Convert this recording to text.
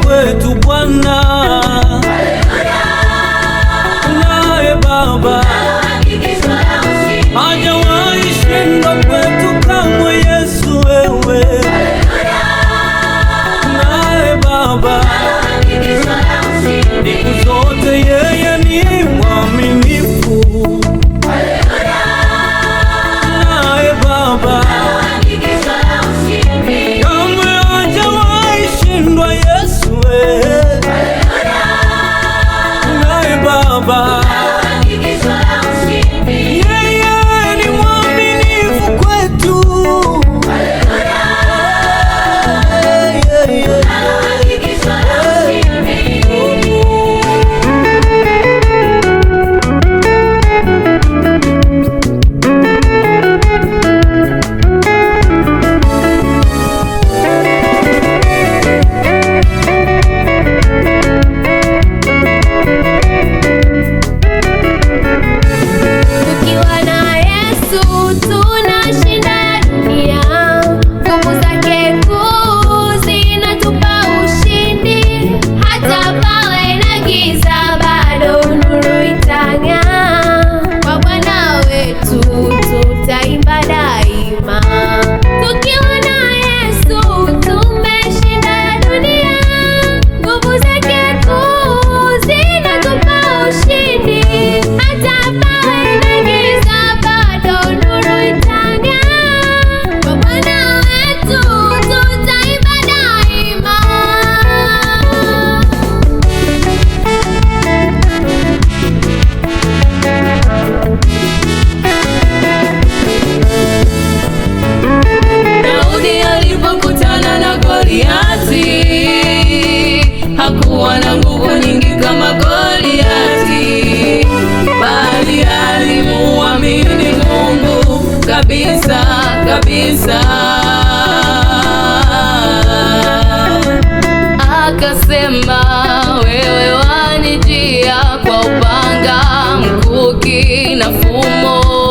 kwetu Bwana nguvu nyingi kama Goliati, bali alimuamini Mungu kabisa kabisa, akasema wewe wanijia kwa upanga, mkuki na fumo